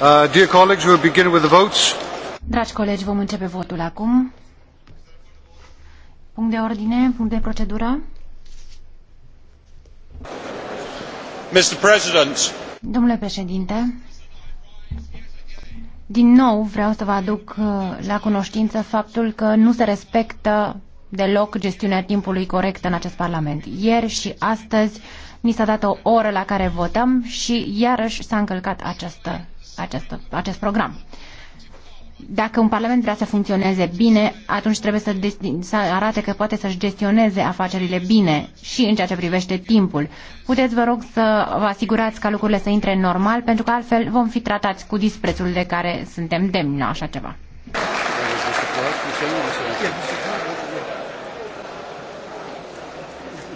Uh, dear colleagues, we'll begin with the votes. Dragi colegi, vom începe votul acum. Punct de ordine, punct de procedură. Mr. President. Domnule președinte, din nou vreau să vă aduc uh, la cunoștință faptul că nu se respectă deloc gestiunea timpului corect în acest Parlament. Ieri și astăzi Ni s-a dat o oră la care votăm și iarăși s-a încălcat această, această, acest program. Dacă un parlament vrea să funcționeze bine, atunci trebuie să, să arate că poate să-și gestioneze afacerile bine și în ceea ce privește timpul. Puteți, vă rog, să vă asigurați ca lucrurile să intre normal, pentru că altfel vom fi tratați cu disprețul de care suntem demni la așa ceva.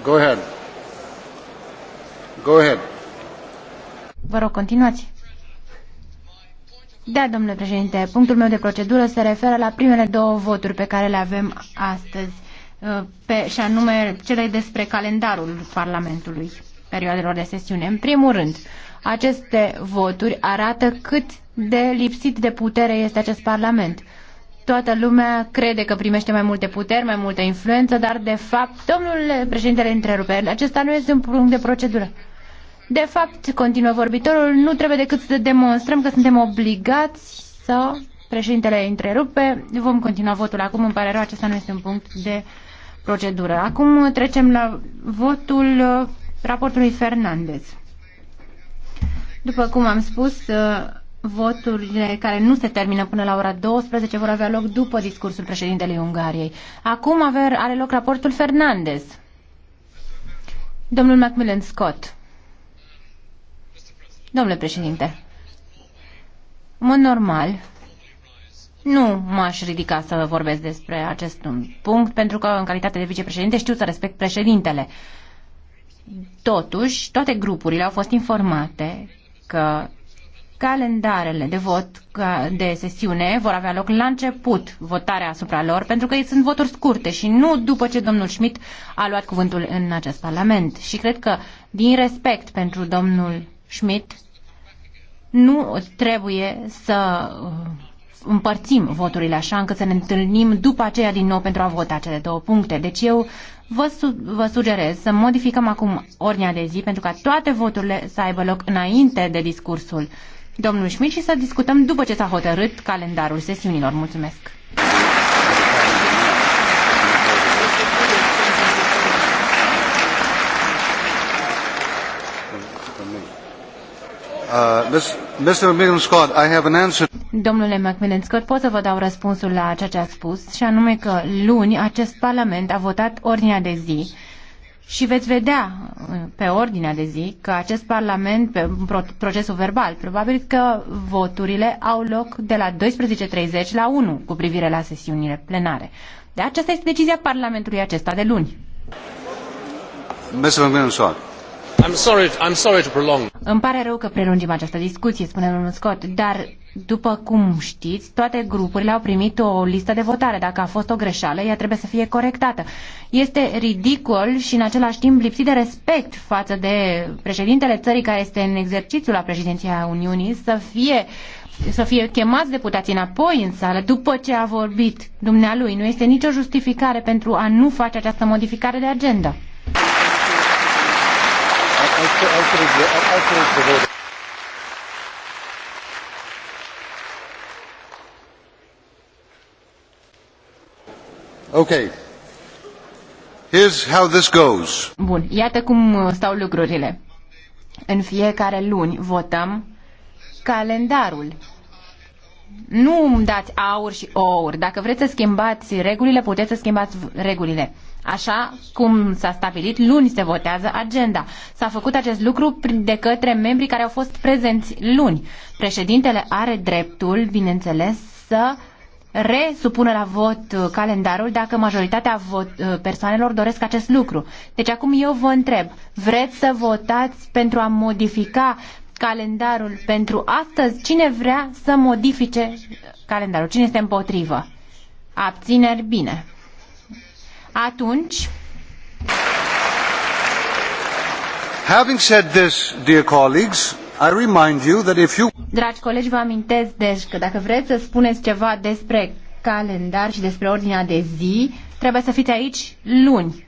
Go ahead. Go ahead. Vă rog, continuați. Da, domnule președinte, punctul meu de procedură se referă la primele două voturi pe care le avem astăzi, uh, pe, și anume cele despre calendarul Parlamentului, perioadelor de sesiune. În primul rând, aceste voturi arată cât de lipsit de putere este acest Parlament. Toată lumea crede că primește mai multe puteri, mai multă influență, dar de fapt, domnule președintele întrerupe, acesta nu este un punct de procedură. De fapt, continuă vorbitorul, nu trebuie decât să demonstrăm că suntem obligați să... Președintele întrerupe. Vom continua votul acum. Îmi pare rău, acesta nu este un punct de procedură. Acum trecem la votul uh, raportului Fernandez. După cum am spus, uh, voturile care nu se termină până la ora 12 vor avea loc după discursul președintelui Ungariei. Acum are loc raportul Fernandez. Domnul Macmillan Scott. Domnule președinte, în mod normal, nu m-aș ridica să vorbesc despre acest punct, pentru că, în calitate de vicepreședinte, știu să respect președintele. Totuși, toate grupurile au fost informate că calendarele de vot de sesiune vor avea loc la început votarea asupra lor, pentru că ei sunt voturi scurte și nu după ce domnul Schmidt a luat cuvântul în acest parlament. Și cred că, din respect pentru domnul Schmidt, nu trebuie să uh, împărțim voturile așa încât să ne întâlnim după aceea din nou pentru a vota cele două puncte. Deci eu vă, su- vă sugerez să modificăm acum ordinea de zi pentru ca toate voturile să aibă loc înainte de discursul domnului Schmidt și să discutăm după ce s-a hotărât calendarul sesiunilor. Mulțumesc! Uh, this... Domnule McMillan Scott, pot să vă dau răspunsul la ceea ce ați spus, și anume că luni acest Parlament a votat ordinea de zi și veți vedea uh, pe ordinea de zi că acest Parlament, pe procesul verbal, probabil că voturile au loc de la 12.30 la 1 cu privire la sesiunile plenare. De aceasta este decizia Parlamentului acesta de luni. Mr. McMillan Scott. Îmi pare rău că prelungim această discuție, spune domnul Scott, dar după cum știți, toate grupurile au primit o listă de votare. Dacă a fost o greșeală, ea trebuie să fie corectată. Este ridicol și în același timp lipsit de respect față de președintele țării care este în exercițiu la președinția Uniunii să fie să fie chemați deputații înapoi în sală după ce a vorbit dumnealui. Nu este nicio justificare pentru a nu face această modificare de agenda. Okay. Here's how this goes. Bun, iată cum uh, stau lucrurile. În fiecare luni votăm calendarul. Nu îmi dați aur și ouri. Dacă vreți să schimbați regulile, puteți să schimbați regulile. Așa cum s-a stabilit, luni se votează agenda. S-a făcut acest lucru de către membrii care au fost prezenți luni. Președintele are dreptul, bineînțeles, să resupună la vot uh, calendarul dacă majoritatea vot, uh, persoanelor doresc acest lucru. Deci acum eu vă întreb, vreți să votați pentru a modifica calendarul pentru astăzi? Cine vrea să modifice calendarul? Cine este împotrivă? Abțineri, bine. Atunci, Having said this, dear colleagues, I remind you that if you... Dragi colegi, vă amintesc deci că dacă vreți să spuneți ceva despre calendar și despre ordinea de zi, trebuie să fiți aici luni.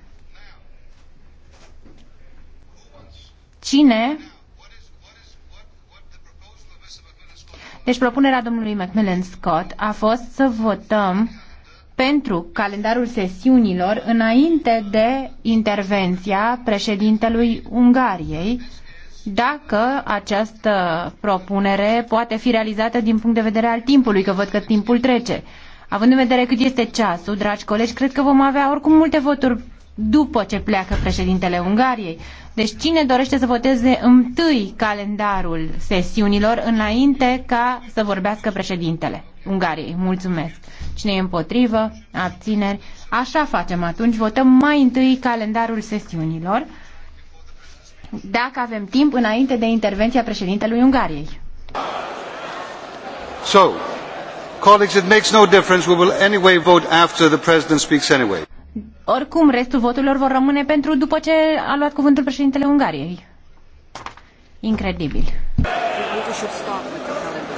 Cine? Deci propunerea domnului Macmillan Scott a fost să votăm pentru calendarul sesiunilor înainte de intervenția președintelui Ungariei, dacă această propunere poate fi realizată din punct de vedere al timpului, că văd că timpul trece. Având în vedere cât este ceasul, dragi colegi, cred că vom avea oricum multe voturi după ce pleacă președintele Ungariei. Deci cine dorește să voteze întâi calendarul sesiunilor înainte ca să vorbească președintele Ungariei? Mulțumesc. Cine e împotrivă? Abțineri? Așa facem atunci. Votăm mai întâi calendarul sesiunilor dacă avem timp înainte de intervenția președintelui Ungariei. So, colleagues, it makes no difference. We will anyway vote after the president speaks anyway. Oricum, restul voturilor vor rămâne pentru după ce a luat cuvântul președintele Ungariei. Incredibil.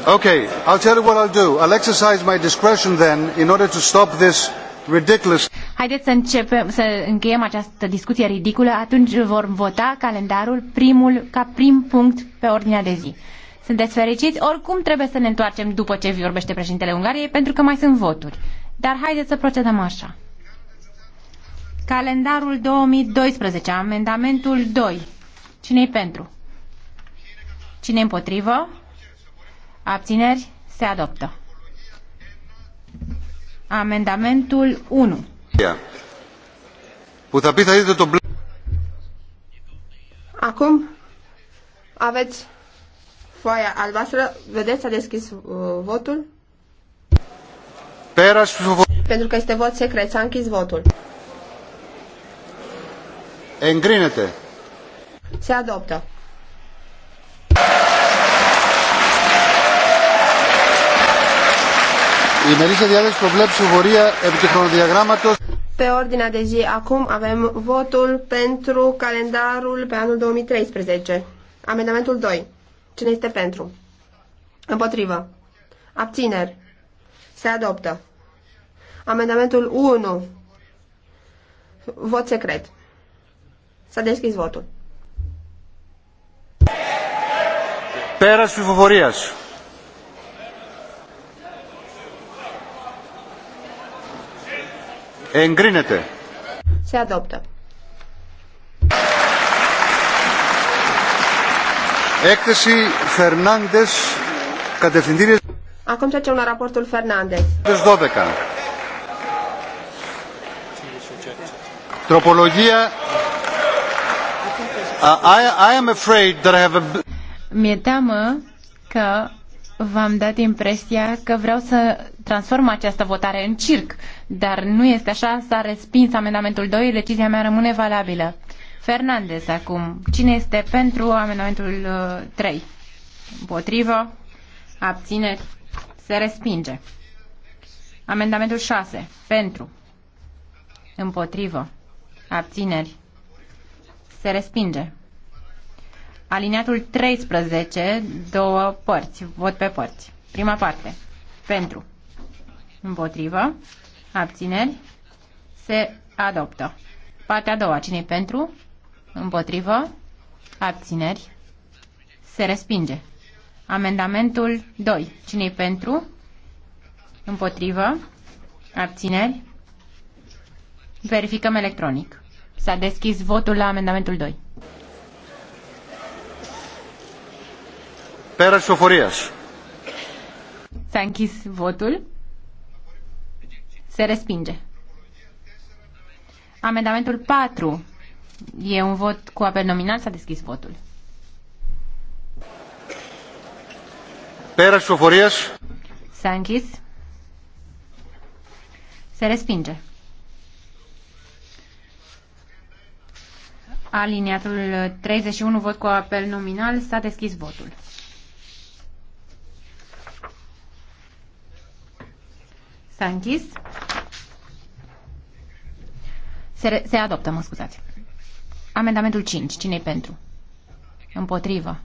Okay, I'll tell you what I'll do. I'll exercise my discretion then in order to stop this ridiculous. Haideți să începem să încheiem această discuție ridiculă, atunci vor vota calendarul primul ca prim punct pe ordinea de zi. Sunteți fericiți? Oricum trebuie să ne întoarcem după ce vorbește președintele Ungariei, pentru că mai sunt voturi. Dar haideți să procedăm așa. Calendarul 2012, amendamentul 2. Cine-i pentru? Cine împotrivă? Abțineri? Se adoptă. Amendamentul 1. Acum aveți foaia albastră. Vedeți, a deschis uh, votul. Pentru că este vot secret, s-a închis votul. Engrinete. Se adoptă. Η μερίσια διάλεξη προβλέπει ψηφοφορία επί του χρονοδιαγράμματος. Pe ordinea de zi acum avem votul pentru calendarul pe anul 2013. Amendamentul 2. Cine este pentru? Împotrivă. Abțineri. Se adoptă. Amendamentul 1. Vot secret. S-a deschis votul. Πέρας ψηφοφορίας. Εγκρίνεται. Se adoptă. Έκθεση Φερνάντες, κατευθυντήριες... Acum trece la raportul Fernandez. 12. Τροπολογία mi-e teamă că v-am dat impresia că vreau să transform această votare în circ, dar nu este așa, s-a respins amendamentul 2, decizia mea rămâne valabilă. Fernandez acum, cine este pentru amendamentul 3? Uh, Împotrivă? Abțineri? Se respinge. Amendamentul 6, pentru? Împotrivă? Abțineri? Se respinge. Aliniatul 13, două părți, vot pe părți. Prima parte, pentru, împotrivă, abțineri, se adoptă. Partea a doua, cine pentru, împotrivă, abțineri, se respinge. Amendamentul 2, cine pentru, împotrivă, abțineri, verificăm electronic. S-a deschis votul la amendamentul 2. Pera soforias? S-a închis votul. Se respinge. Amendamentul 4. E un vot cu apel nominal. S-a deschis votul. Pera soforias? S-a închis. Se respinge. Aliniatul 31, vot cu apel nominal, s-a deschis votul. S-a închis. Se, re, se adoptă, mă scuzați. Amendamentul 5. Cine-i pentru? Împotrivă.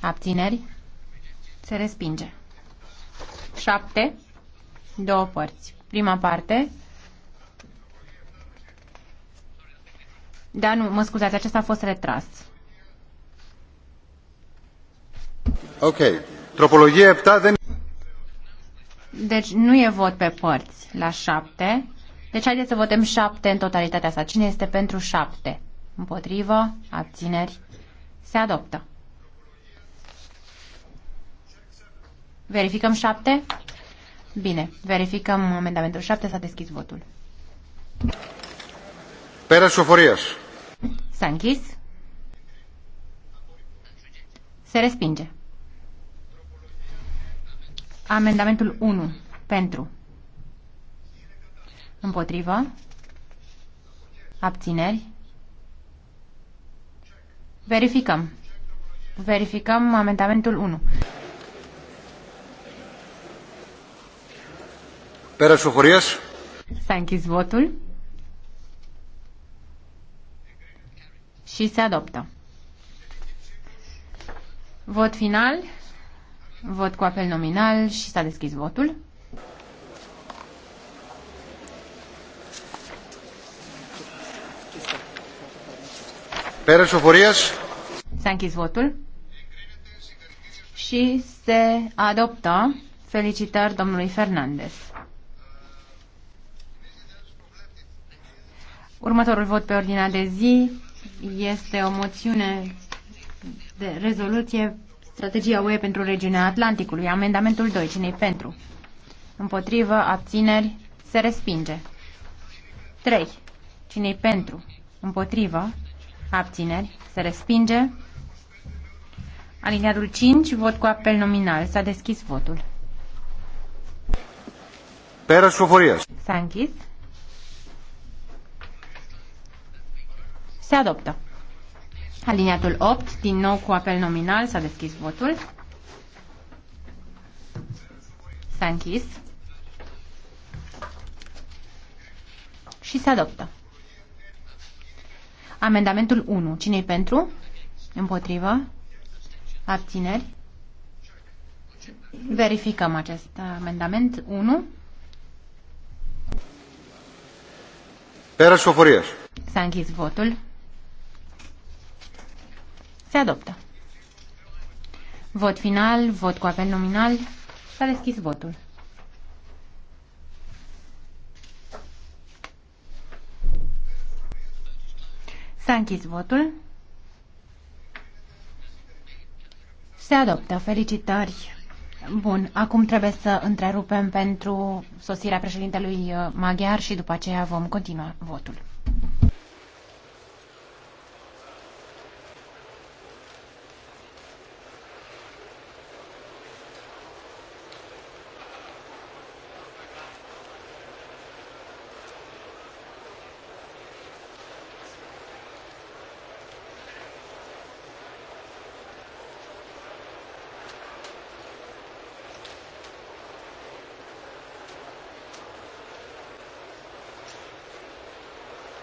Abțineri? Se respinge. 7. Două părți. Prima parte. Da, nu, mă scuzați, acesta a fost retras. Ok. Tropologie 7 de... Deci nu e vot pe părți la șapte. Deci haideți să votăm șapte în totalitatea sa. Cine este pentru șapte? Împotrivă, abțineri, se adoptă. Verificăm șapte. Bine, verificăm amendamentul șapte. s-a deschis votul. Pera Soforias. S-a închis. Se respinge. Amendamentul 1. Pentru. Împotrivă. Abțineri. Verificăm. Verificăm amendamentul 1. Pera Șohoriaș. S-a închis votul. și se adoptă. Vot final, vot cu apel nominal și s-a deschis votul. Pera Șoforias. S-a închis votul și se adoptă. Felicitări domnului Fernandez. Următorul vot pe ordinea de zi este o moțiune de rezoluție strategia UE pentru regiunea Atlanticului. Amendamentul 2. cine pentru? Împotrivă, abțineri, se respinge. 3. cine pentru? Împotrivă, abțineri, se respinge. Alineatul 5, vot cu apel nominal. S-a deschis votul. Pera Soforia. S-a închis. Se adoptă. Aliniatul 8, din nou cu apel nominal, s-a deschis votul. S-a închis. Și se adoptă. Amendamentul 1. cine e pentru? Împotrivă? Abțineri? Verificăm acest amendament 1. Pera șoforiaș. S-a închis votul. Se adoptă. Vot final, vot cu apel nominal. S-a deschis votul. S-a închis votul. Se adoptă. Felicitări. Bun, acum trebuie să întrerupem pentru sosirea președintelui uh, maghiar și după aceea vom continua votul.